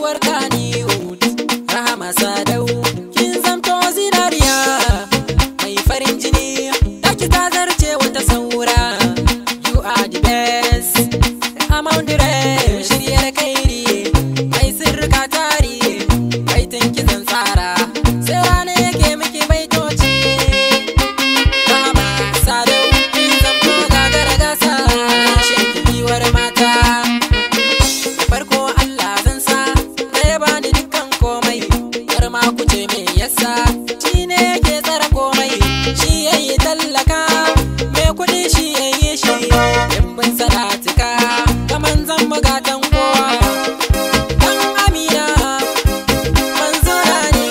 uwar kaniwood rahama sadau kin zamto zinariya mai farin jini daki ta zarce wata saura you are the best sa shi ne yake tsara komai shi ya yi tallaka mai kuɗi shi ya yi shi dimbin salatika kaman zan bugatan kowa dan amina manzura ne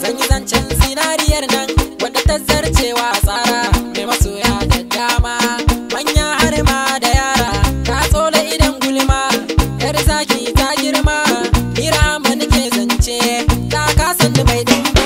zan yi zancen zinariyar nan wadda ta zarcewa tsara mai masoya da dama manya harma da yara ta tsola idan gulma yar zaki ta girma way they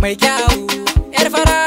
Mai Erva